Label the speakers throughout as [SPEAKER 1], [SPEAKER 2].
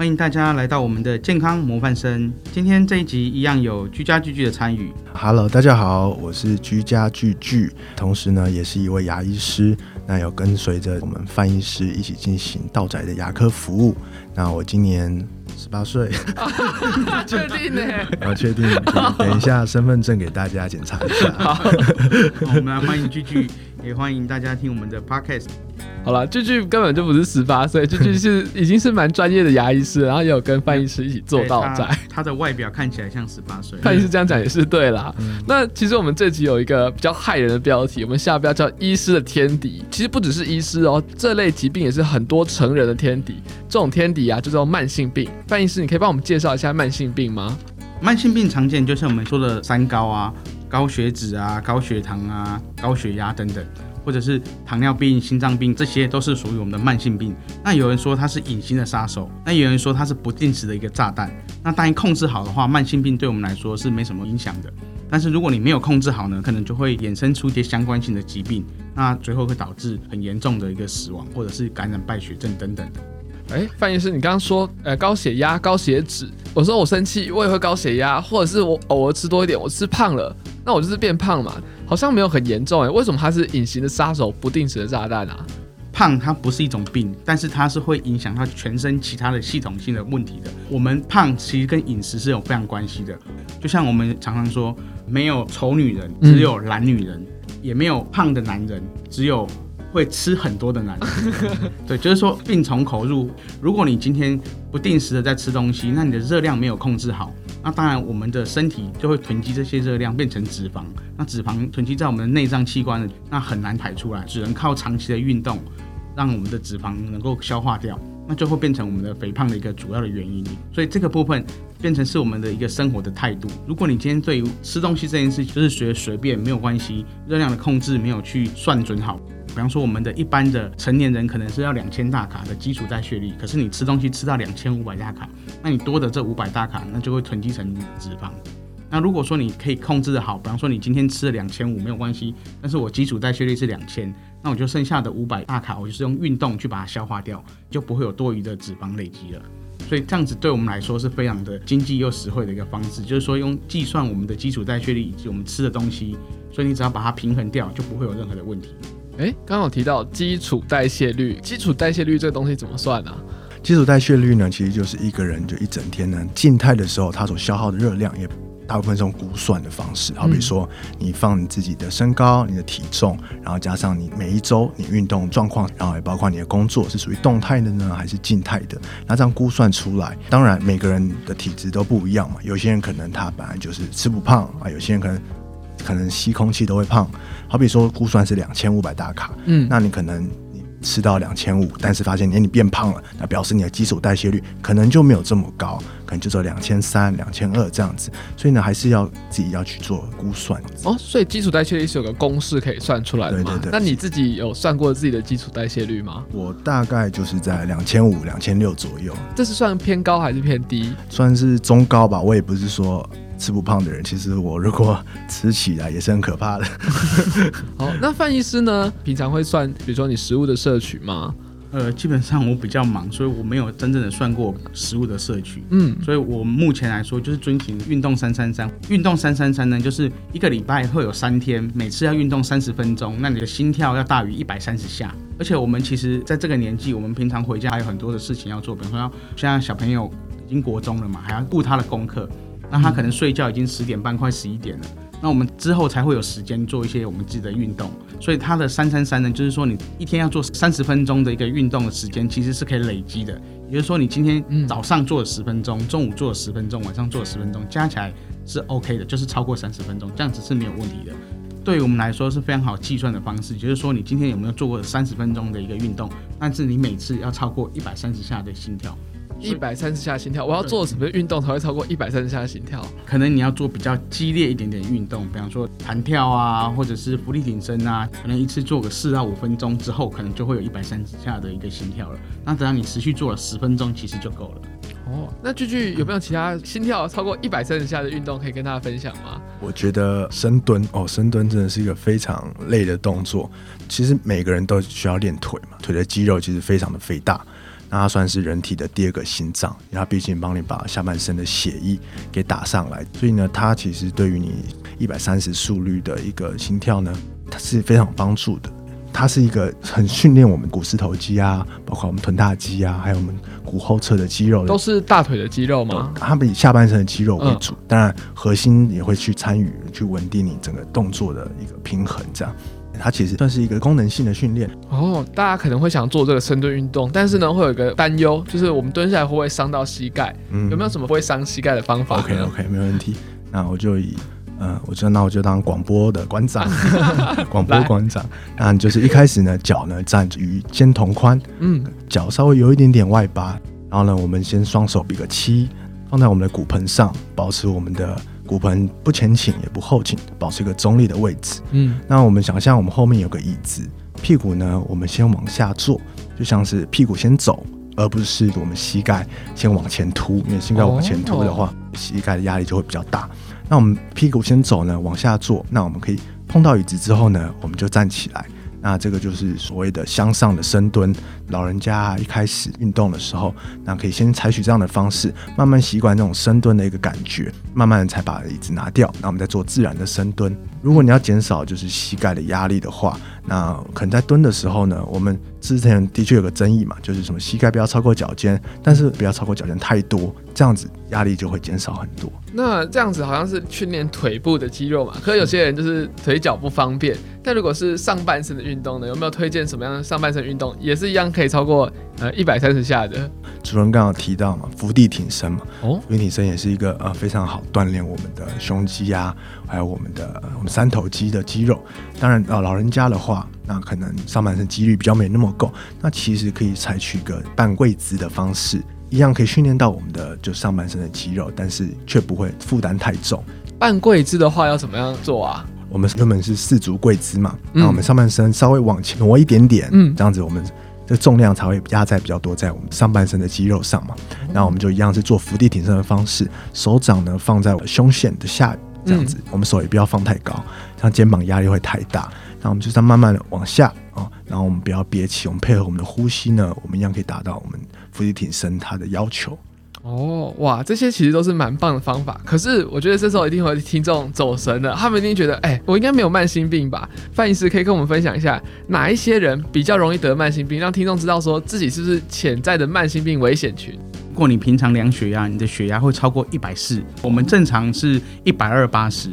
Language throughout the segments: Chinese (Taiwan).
[SPEAKER 1] 歡迎大家來到我們的健康模範生。今天這一集一樣有居家聚聚的參與。
[SPEAKER 2] Hello，大家好，我是居家聚聚，同時呢也是一位牙醫師。那有跟隨着我們范醫師一起進行到宅的牙科服務。那我今年十八歲， 確定呢？我確定，等一下身份證給大家檢查一下。好，
[SPEAKER 1] 好，我們來歡迎聚聚。也、欸、歡迎大家聽我們的 podcast。
[SPEAKER 2] 好了，這句根本就不
[SPEAKER 3] 是十八歲，這句是已經是蠻專業的牙醫師， 然後也有跟范醫師一起做到在。欸、他，他
[SPEAKER 1] 的外表看起來像十八歲，范醫師這樣講也
[SPEAKER 3] 是對啦。嗯、那其實我們這集有一個比較駭人的標題，我們下標叫“醫師的天敵”。其實不只是醫師哦，這類疾病也是很多成人的天敵。這種天敵啊，就叫、是、慢性病。范醫師，你可以幫我們介紹一下慢性
[SPEAKER 1] 病嗎？慢性病常見，就像我們說的三高啊。高血脂啊、高血糖啊、高血壓等等，或者是糖尿病、心臟病，這些都是屬於我們的慢性病。那有人說它是隱形的殺手，那有人說它是不定時的一個炸彈。那當然控制好的話，慢性病對我們來說是沒什麼影響的。但是如果你沒有控制好呢，可能就會衍生出一些相關性的疾病，那最後會導致很嚴重的一個死亡，或者是感染敗血症等等的。誒，范醫師，你剛剛說，呃，高血壓、高血脂，我說我生氣，
[SPEAKER 3] 我也會高血壓，或者是我偶爾吃多一點，我吃胖了，那我就是變胖嘛，好像沒
[SPEAKER 1] 有很嚴重，誒，為什麼它是隱形的殺手，不定時的炸彈啊？胖它不是一種病，但是它是會影響它全身其他的系統性的問題的。我們胖其實跟飲食是有非常關係的，就像我們常常說，沒有醜女人，只有懶女人，嗯，也沒有胖的男人，只有。會吃很多的奶，對，就是說病從口入。如果你今天不定時的在吃東西，那你的熱量沒有控制好，那當然我們的身體就會囤積這些熱量變成脂肪。那脂肪囤積在我們的內臟器官，那很難排出來，只能靠長期的運動，讓我們的脂肪能夠消化掉。那就會變成我們的肥胖的一個主要的原因，所以這個部分變成是我們的一個生活的態度。如果你今天對於吃東西這件事就是學隨，隨便沒有關係，熱量的控制沒有去算準好，比方說我們的一般的成年人可能是要兩千大卡的基礎代謝率，可是你吃東西吃到兩千五百大卡，那你多的這五百大卡那就會囤積成脂肪。那如果說你可以控制得好，比方說你今天吃了兩千五沒有關係，但是我基礎代謝率是兩千，那我就剩下的五百大卡，我就是用運動去把它消化掉，就不會有多餘的脂肪累積了。所以這樣子對我們來說是非常的經濟又實惠的一個方式，就是說用計算我們的基礎代謝率以及我們吃的東西，所以你只要把它平衡掉，就不會有任何的問題。欸，剛剛我提到基礎代謝率，基礎代謝率
[SPEAKER 3] 這個東西怎麼算呢、啊？
[SPEAKER 2] 基礎代謝率呢，其實就是一個人就一整天呢靜態的時候，它所消耗的熱量也。大部分是用估算的方式，好比說，你放你自己的身高、你的體重，然後加上你每一周你運動狀況，然後也包括你的工作是屬於動態的呢，還是靜態的？那這樣估算出來，當然每個人的體質都不一樣嘛。有些人可能他本來就是吃不胖啊，有些人可能可能吸空氣都會胖。好比說估算是兩千五百大卡，嗯，那你可能。吃到兩千五，但是發現哎，你變胖了，那表示你的基礎代謝率可能就沒有這麼高，可能就只有兩千三、兩千二這樣子，所以呢，還是要自己要去做估算。
[SPEAKER 3] 哦，所以基礎代謝率是有個公式可以算出來的嘛？對對，對對。那你自己有算過自己的基礎代謝率嗎？
[SPEAKER 2] 我大概就是在兩千五、兩千六左右，
[SPEAKER 3] 這是算偏高還是偏低？
[SPEAKER 2] 算是中高吧，我也不是說。吃不胖的人，其實我如果吃起來也是很可怕的。
[SPEAKER 1] 好，那
[SPEAKER 3] 范醫師呢？
[SPEAKER 1] 平常會算，比如說你食物的攝取嗎？呃，基本上我比較忙，所以我沒有真正的算過食物的攝取。嗯，所以我目前來說就是遵循運動三三三。運動三三三呢，就是一個禮拜會有三天，每次要運動三十分鐘，那你的心跳要大於一百三十下。而且我們其實在這個年紀，我們平常回家還有很多的事情要做，比如說要像小朋友已經國中了嘛，還要顧他的功課。那他可能睡覺已經十點半快十一點了，嗯、那我們之後才會有時間做一些我們自己的運動。所以他的三三三呢，就是說你一天要做三十分鐘的一個運動的時間，其實是可以累積的。也就是說你今天早上做了十分鐘，嗯、中午做了十分鐘，晚上做了十分鐘，加起來是 OK 的，就是超過三十分鐘，這樣子是沒有問題的。對於我們來說是非常好計算的方式，就是說你今天有沒有做過三十分鐘的一個運動，但是你每次要超過一百三十下的心跳。一百三十下心跳，我要做什麼運動才會超過一百三十下心跳？可能你要做比較激烈一點點運動，比方說彈跳啊，或者是伏地挺身啊，可能一次做個四到五分鐘之後，可能就會有一百三十下的一個心跳了。那只要你持續做了十分鐘，其實就夠了。
[SPEAKER 3] 哦，那句句有沒有其他心跳超過一百三十下的運動可以跟大家分享嗎？
[SPEAKER 2] 我覺得深蹲哦，深蹲真的是一個非常累的動作。其實每個人都需要練腿嘛，腿的肌肉其實非常的肥大。那它算是人體的第二個心臟，因為它畢竟幫你把下半身的血液給打上來，所以呢，它其實對於你一百三十速率的一個心跳呢，它是非常有幫助的。它是一個很訓練我們股四頭肌啊，包括我們臀大肌啊，還有我們股後側的肌肉的肌，都
[SPEAKER 3] 是大腿的肌肉嗎？
[SPEAKER 2] 嗯、它以下半身的肌肉為主，嗯、當然核心也會去參與，去穩定你整個動作的一個平衡，這樣。它其實算是一個功能性的訓練
[SPEAKER 3] 哦。大家可能會想做這個深蹲運動，但是呢，嗯、會有一個擔憂，就是我們蹲下來會不會傷到膝蓋？嗯、有沒有什麼不會傷膝蓋的方法？OK OK，
[SPEAKER 2] 沒問題。那我就以，嗯、呃，我就那我就當廣播的館長，廣 播館長。來那就是一開始呢，腳呢站與肩同寬，嗯，腳稍微有一點點外八。然後呢，我們先雙手比個七，放在我們的骨盆上，保持我們的骨盆不前傾也不後傾，保持一個中立的位置。嗯，那我們想象我們後面有個椅子，屁股呢，我們先往下坐，就像是屁股先走，而不是我們膝蓋先往前凸。因為膝蓋往前凸的話，哦、膝蓋的壓力就會比較大。那我們屁股先走呢，往下坐，那我們可以碰到椅子之後呢，我們就站起來。那這個就是所謂的向上的深蹲。老人家一開始運動的時候，那可以先採取這樣的方式，慢慢習慣這種深蹲的一個感覺，慢慢的才把椅子拿掉。那我們再做自然的深蹲。如果你要減少就是膝蓋的壓力的話，那可能在蹲的時候呢，我們之前的確有個爭議嘛，就是什麼膝蓋不要超過腳尖，但是不要超過腳尖太多，這樣子壓力就會減少很多。
[SPEAKER 3] 那這樣子好像是訓練腿部的肌肉嘛。可是有些人就是腿腳不方便，那、嗯、如果是上半身的運動呢，有沒有推薦什麼樣的上半身運動？也是一樣。可以超過呃一百三十下的。
[SPEAKER 2] 主任剛剛提到嘛，伏地挺身嘛，哦，伏地挺身也是一個呃非常好鍛鍊我們的胸肌啊，還有我們的、呃、我們三頭肌的肌肉。當然，老、呃、老人家的話，那可能上半身肌力比較沒那麼夠，那其實可以採取一個半跪姿的方式，一樣可以訓練到我們的就上半身的肌肉，但是卻不會負擔太重。
[SPEAKER 3] 半跪姿的話要怎麼樣做啊？
[SPEAKER 2] 我們根本是四足跪姿嘛，那、嗯、我們上半身稍微往前挪一點點，嗯，這樣子我們。這重量才會壓在比較多在我們上半身的肌肉上嘛，然後我們就一樣是做伏地挺身的方式，手掌呢，放在胸腺的下，這樣子，嗯、我們手也不要放太高，這樣肩膀壓力會太大，那我們就這樣慢慢的往下啊，然後我們不要憋氣，我們配合我們的呼吸呢，我們一樣可以達到我們伏地挺身它的要求。
[SPEAKER 3] 哦，哇，這些其實都是蠻棒的方法。可是我覺得這時候一定會聽眾走神的，他們一定覺得，哎、欸，我應該沒有慢性病吧？范醫師可以跟我們分享一下，哪一些人比較容易得慢性病，讓聽眾知道說自己是不是
[SPEAKER 1] 潛在的慢性病危險群。如果你平常量血壓，你的血壓會超過一百四，我們正常是一百二、八十。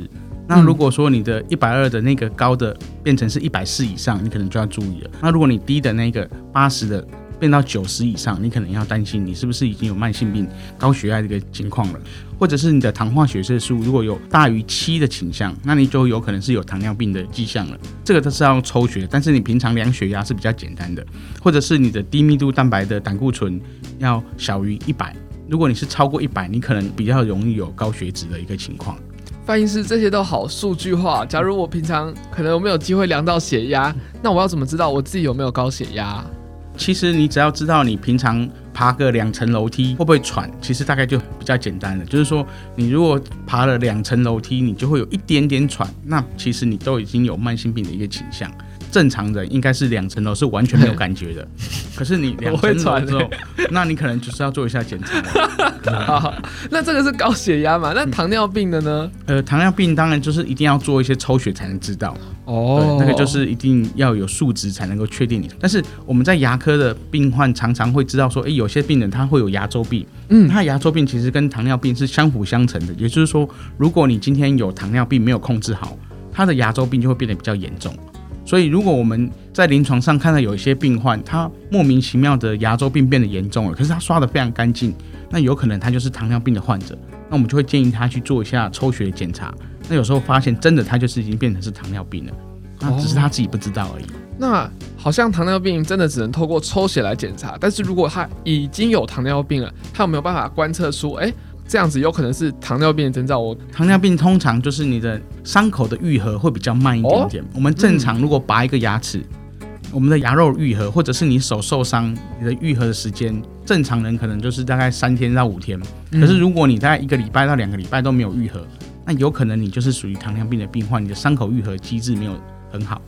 [SPEAKER 1] 那如果說你的一百二的那個高的變成是一百四以上，你可能就要注意了。那如果你低的那個八十的，變到九十以上，你可能要擔心，你是不是已經有慢性病，高血壓這個情況了，或者是你的糖化血色素如果有大於七的傾向，那你就有可能是有糖尿病的跡象了。這個都是要用抽血，但是你平常量血壓是比較簡單的，或者是你的低密度蛋白的膽固醇要小於一百，如果你是超過一百，你可能比較容易有高血脂的一個情況。
[SPEAKER 3] 范醫師，這些都好數據化。假如我平常可能有沒有機
[SPEAKER 1] 會量到血壓，那我要怎麼知道我自己有沒有高血壓？其實你只要知道，你平常爬個兩層樓梯會不會喘，其實大概就比較簡單了。就是說，你如果爬了兩層樓梯，你就會有一點點喘，那其實你都已經有慢性病的一個傾向了。正常的人應該是兩層樓是完全沒有感覺的。對 可是你兩層樓之後我會喘，那你可能就是要做一下檢查 好。那這個是高血壓
[SPEAKER 3] 嘛。那糖尿病的呢，嗯？呃，
[SPEAKER 1] 糖尿病當然就是一定要做一些抽血才能知道哦，那個就是一定要有數值才能夠確定你，但是我們在牙科的病患常常會知道說，哎、欸，有些病人他會有牙周病，嗯，那他的牙周病其實跟糖尿病是相輔相成的，也就是說，如果你今天有糖尿病沒有控制好，他的牙周病就會變得比較嚴重。所以，如果我們在臨床上看到有一些病患，他莫名其妙的牙周病變得嚴重了，可是他刷得非常乾淨，那有可能他就是糖尿病的患者，那我們就會建議他去做一下抽血檢查。那有時候發現真的他就是已經變成是糖尿病了，那只是他自己不知道而已。哦、
[SPEAKER 3] 那好像糖尿病真的只能透過抽血來檢查，但是如果他已經有糖尿病了，他有沒有辦法觀測出？誒、欸？這樣子有可能是糖尿
[SPEAKER 1] 病的徵兆。我糖尿病通常就是你的傷口的愈合會比較慢一點點。我們正常如果拔一個牙齒，我們的牙肉愈合，或者是你手受傷，你的愈合的時間，正常人可能就是大概三天到五天。可是如果你大概一個禮拜到兩個禮拜都沒有愈合，那有可能你就是屬於糖尿病的病患，你的傷口愈合機制沒有很好。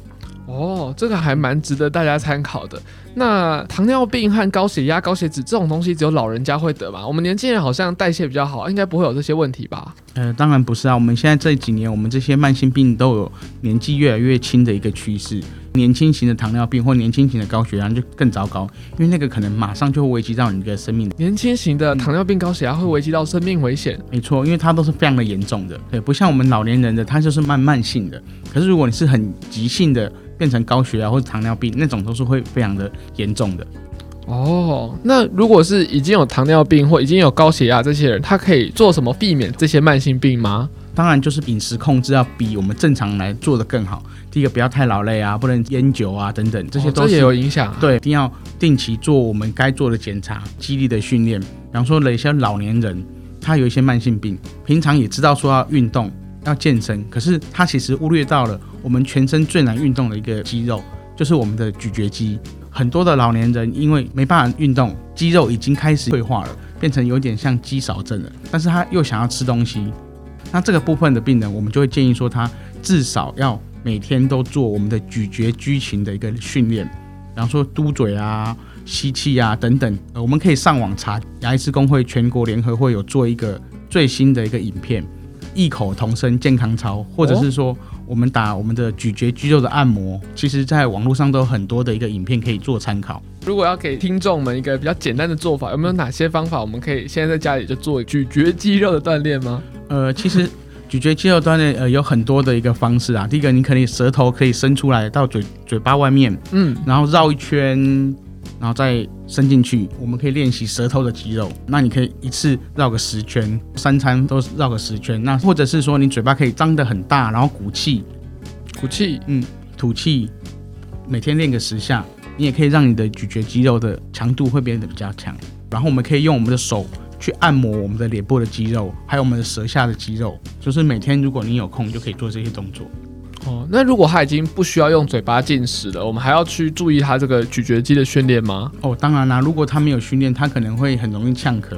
[SPEAKER 1] 哦，oh, 這個還蠻值得大家參考的。
[SPEAKER 3] 那糖尿病和高血壓、高血脂這種東西，只有老人家會得嗎？我們年輕人好像代謝比較好，應該不會有這些問題吧？
[SPEAKER 1] 呃，當然不是啊。我們現在這幾年，我們這些慢性病都有年紀越來越輕的一個趨勢。年輕型的糖尿病或年輕型的高血壓就更糟糕，因為那個可能馬上就會危及到你的生命。年輕型的糖尿病、高血壓會危及到生命危險？嗯，沒錯，因為它都是非常的嚴重的。對，不像我們老年人的，它就是慢慢性的。可是如果你是很急性的，變成高血壓或者糖尿病那種都是會非常的嚴重的。哦，
[SPEAKER 3] 那如果是已經有糖尿病或已經有高血壓這些人，他可以做什麼避免這些
[SPEAKER 1] 慢性病嗎？當然就是飲食控制要比我們正常來做得更好。第一個不要太勞累啊，不能菸酒啊等等，這些都是、哦、這也有影響、啊。對，一定要定期做我們該做的檢查、肌力的訓練。比方說那些老年人，他有一些慢性病，平常也知道說要運動。要健身，可是他其實忽略到了我們全身最難運動的一個肌肉，就是我們的咀嚼肌。很多的老年人，因為沒辦法運動，肌肉已經開始退化了，變成有點像肌少症了。但是他又想要吃東西，那這個部分的病人，我們就會建議說他至少要每天都做我們的咀嚼肌群的一個訓練，比方說嘟嘴啊、吸氣啊等等。我們可以上網查牙醫師公會全國聯合會有做一個最新的一個影片。異口同聲健康操，或者是說我們打我們的咀嚼肌肉的按摩，哦、其實，在網絡上都有很多的一個影片，可以做參考。
[SPEAKER 3] 如果要給聽眾們一個比較簡單的做法，有沒有哪些方法我們可以現在在家裡就做咀嚼肌肉的鍛鍊嗎？
[SPEAKER 1] 呃，其實咀嚼肌肉鍛鍊呃有很多的一個方式啊。 第一個，你可能舌頭可以伸出來到嘴嘴巴外面，嗯，然後繞一圈。然後再伸進去，我們可以練習舌頭的肌肉。那你可以一次繞個十圈，三餐都繞個十圈。那或者是說，你嘴巴可以張得很大，然後鼓氣，鼓氣，嗯，吐氣，每天練個十下，你也可以讓你的咀嚼肌肉的強度會變得比較強。然後我們可以用我們的手去按摩我們的臉部的肌肉，還有我們的舌下的肌肉。就是每天如果你有空，就可以做這些動作。哦，那如果他已經不需
[SPEAKER 3] 要用嘴巴進食了，我們還要去注意他這個咀嚼肌的訓練嗎？
[SPEAKER 1] 哦，當然啦、啊，如果他沒有訓練，他可能會很容易嗆咳。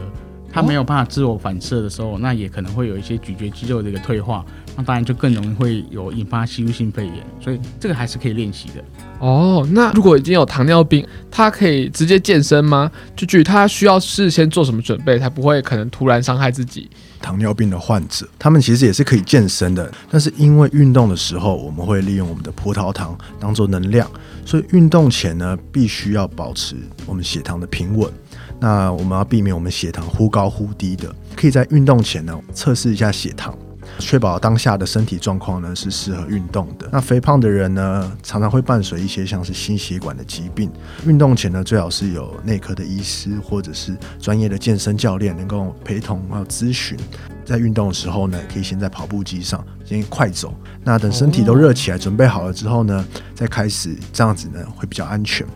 [SPEAKER 1] 他沒有辦法自我反射的時候，那也可能會有一些咀嚼肌肉的一個退化，那當然就更容易會有引發吸入性肺炎，所以這個還是可以練習的。哦，那如果已經有糖尿病，他可以直接健身嗎？
[SPEAKER 3] 就他需要事先做什麼準備，才不會可能突然傷害自己？
[SPEAKER 2] 糖尿病的患者，他們其實也是可以健身的，但是因為運動的時候，我們會利用我們的葡萄糖當做能量，所以運動前呢，必須要保持我們血糖的平穩。那我們要避免我們血糖忽高忽低的，可以在運動前呢測試一下血糖，確保當下的身體狀況呢是適合運動的。那肥胖的人呢，常常會伴隨一些像是心血管的疾病，運動前呢最好是有內科的醫師或者是專業的健身教練能夠陪同啊諮詢。在運動的時候呢，可以先在跑步機上先快走，那等身體都熱起來，準備好了之後呢，再開始，這樣子呢會比較安全。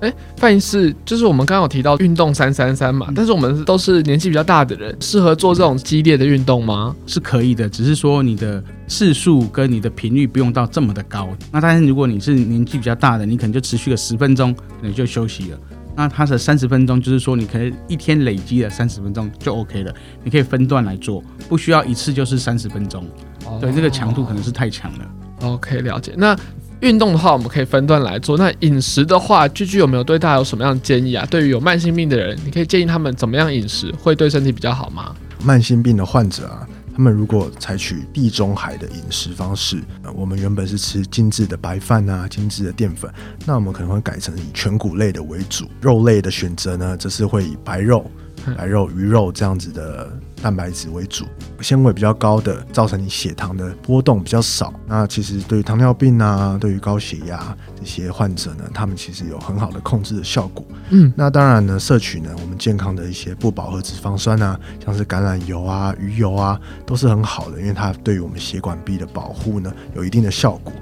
[SPEAKER 3] 哎，范醫師，就是我們剛剛有提到運動三三三嘛，但是我們都是年紀比較大的人，適合做這種激烈的運
[SPEAKER 1] 動嗎？是可以的，只是說你的次數跟你的頻率不用到這麼的高。那但是如果你是年紀比較大的，你可能就持續個十分鐘，你就休息了。那它的三十分鐘就是說，你可能一天累積了三十分鐘就 OK 了，你可以分段來做，不需要一次就是三十分鐘。哦、對，這個強度可能是太強了。哦、OK，了解。那。
[SPEAKER 3] 運動的話，我們可以分段來做。那飲食的話，居居有沒有對大家有什麼樣的建議啊？對於有慢性病的人，你可以建議他們怎麼樣飲食會對身體比較好嗎？
[SPEAKER 2] 慢性病的患者啊，他們如果採取地中海的飲食方式，我們原本是吃精緻的白飯啊，精緻的澱粉，那我們可能會改成以全穀類的為主，肉類的選擇呢，則是會以白肉、白肉、魚肉這樣子的蛋白質為主，纖維比較高的，造成你血糖的波動比較少。那其實對於糖尿病啊，對於高血壓這些患者呢，他們其實有很好的控制的效果。嗯，那當然呢，攝取呢，我們健康的一些不飽和脂肪酸啊，像是橄欖油啊、魚油啊，都是很好的，因為它對於我們血管壁的保護呢，有一定的效果。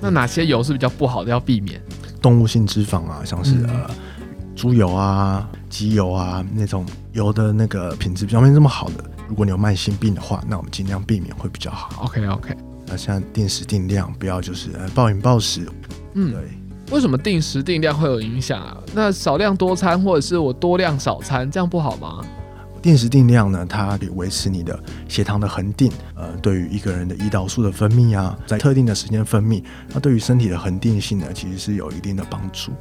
[SPEAKER 2] 那哪些油是比較不好的，要避免？動物性脂肪啊，像是呃、嗯、豬油啊。機油啊，那種油的那個品質比較沒這麼好的。如果你有慢性病的話，那我們盡量避免會比較好。OK OK。那、呃、像定時定量，不要就是、呃、暴飲暴食。
[SPEAKER 3] 嗯，對為什麼定時定量會有影響啊？那少量多餐
[SPEAKER 2] 或者是我多量少餐，這樣不好嗎？定時定量呢，它可以維持你的血糖的恆定。呃，對於一個人的胰島素的分泌啊，在特定的時間分泌，那對於身體的恆定性呢，其實是有一定的幫助。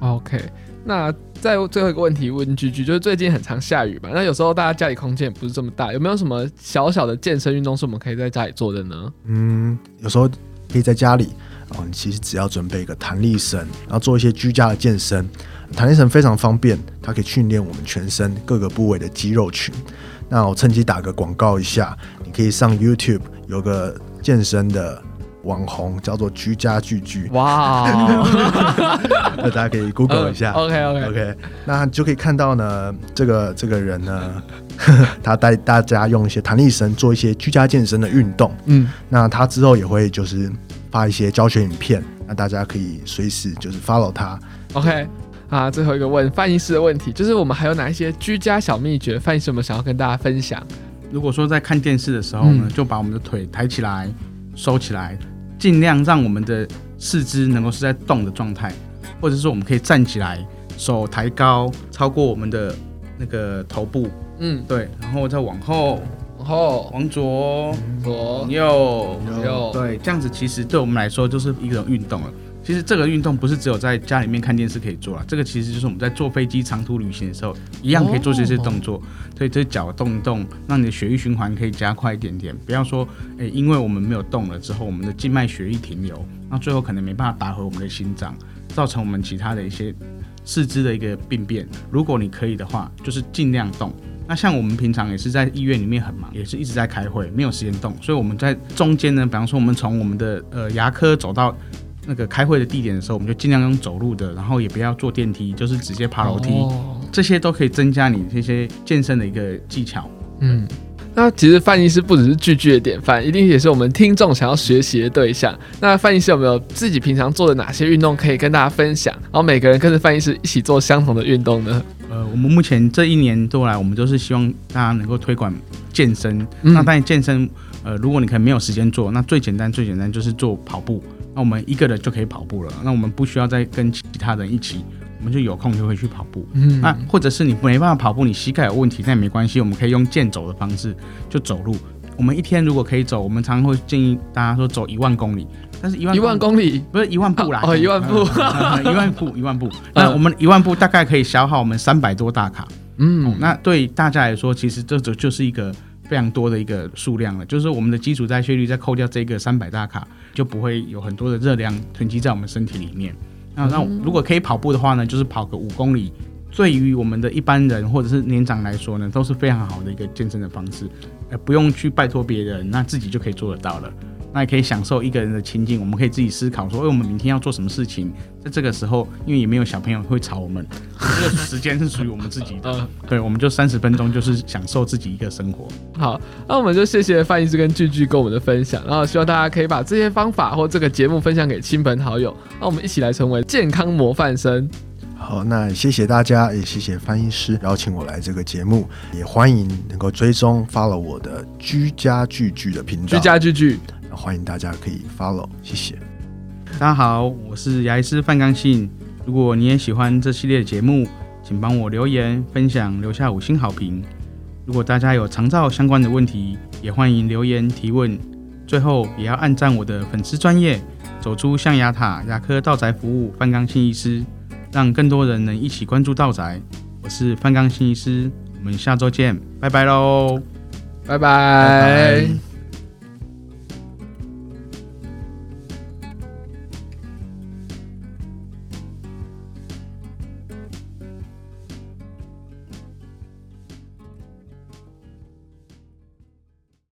[SPEAKER 3] OK。那再最後一個問題問 GG，就是最近很常下雨嘛。那有時候大家家裡空間也不是這麼大，有沒有什麼小小的健身運動是我們可以在家裡做的呢？嗯，
[SPEAKER 2] 有時候可以在家裡啊、哦，你其實只要準備一個彈力繩，然後做一些居家的健身，彈力繩非常方便，它可以訓練我們全身各個部位的肌肉群。那我趁機打個廣告一下，你可以上 YouTube 有個健身的。網紅叫做“居家聚聚”，哇，那大家可以 Google 一下。OK，OK，OK，okay, okay, okay、okay, 那就可以看到呢，這個這個人呢， 他帶大家用一些彈力繩做一些居家健身的運動。嗯，那他之後也會就是發一些教學影片，那大家可以隨時就是 follow 他。
[SPEAKER 3] OK，啊，最後一個問
[SPEAKER 1] 范醫師的問題，就是我們還有哪一些居家小秘訣？范醫師有什麼想要跟大家分享？如果說在看電視的時候呢，嗯、就把我們的腿抬起來，收起來。盡量讓我們的四肢能夠是在動的狀態，或者是我們可以站起來，手抬高超過我們的那個頭部，嗯，對，然後再往後，往後，往左，左，往右。對，這樣子其實對我們來說就是一種運動了。其實這個運動不是只有在家裡面看電視可以做啦，這個其實就是我們在坐飛機長途旅行的時候，一樣可以做這些動作。哦、所以這腳動一動，讓你的血液循環可以加快一點點。不要說，誒、欸，因為我們沒有動了之後，我們的靜脈血液停留，那最後可能沒辦法打回我們的心臟，造成我們其他的一些四肢的一個病變。如果你可以的話，就是盡量動。那像我們平常也是在醫院裡面很忙，也是一直在開會，沒有時間動。所以我們在中間呢，比方說我們從我們的呃牙科走到那個開會的地點的時候，我們就盡量用走路的，然後也不要坐電梯，就是直接爬樓梯，哦、這些都可以增加你這些健身的一個技巧。嗯。
[SPEAKER 3] 那其實范醫師不只是句句的典範，一定也是我們聽眾想要學習的對象。那范醫師有
[SPEAKER 1] 沒有自己平常做的哪些運動可以跟大家分享？然後每個人跟着范醫師一起做相同的運動呢？呃，我們目前這一年多來，我們都是希望大家能夠推廣健身。嗯。那但健身，呃，如果你可能沒有時間做，那最簡單最簡單就是做跑步。那我們一個人就可以跑步了。那我們不需要再跟其他人一起。我們就有空就會去跑步，嗯，那或者是你沒辦法跑步，你膝蓋有問題，那也沒關係，我們可以用健走的方式就走路。我們一天如果可以走，我們常常會建議大家說走一萬公里，但是一萬一萬公里不是一萬步啦、啊，哦，一萬步，一、呃、 萬步，一萬步。呃、那我們一萬步大概可以消耗我們三百多大卡，嗯，嗯，那對大家來說，其實這就就是一個非常多的一個數量了，就是我們的基礎代謝率再扣掉這個三百大卡，就不會有很多的熱量囤積在我們身體裡面。
[SPEAKER 2] 那、哦、那如果
[SPEAKER 1] 可以跑步的話呢，就是跑個五公里，對於我們的一般人或者是年長來說呢，都是非常好的一個健身的方式，呃，不用去拜托別人，那自己就可以做得到了。那也可以享受一個人的清靜，我們可以自己思考說，哎、欸，我們明天要做什麼事情？在這個時候，因為也沒有小朋友會吵我們，這個時間是屬於我們自己的。 對，我們就三十分鐘，就是享受自己一個生活。好，
[SPEAKER 3] 那我們就謝謝范醫師跟句句跟我們的分享，然後希望大家可以把這些方法或這個節目分享給親朋好友，讓我們一起來成為健康模範生。
[SPEAKER 2] 好，那謝謝大家，也謝謝范醫師邀請我來這個節目，也歡迎能夠追蹤 follow 我的居家句句的頻道，居家句句。歡迎大家可以 follow，謝謝。
[SPEAKER 1] 大家好，我是牙醫師范剛信。如果你也喜歡這系列節目，請幫我留言分享，留下五星好評。如果大家有長照相關的問題，也歡迎留言提問。最後也要按讚我的粉絲專頁，走出象牙塔牙科到宅服務范剛信醫師，讓更多人能一起關注到宅。我是范剛信醫師，我們下周見，拜拜嘍，拜拜 bye。Bye bye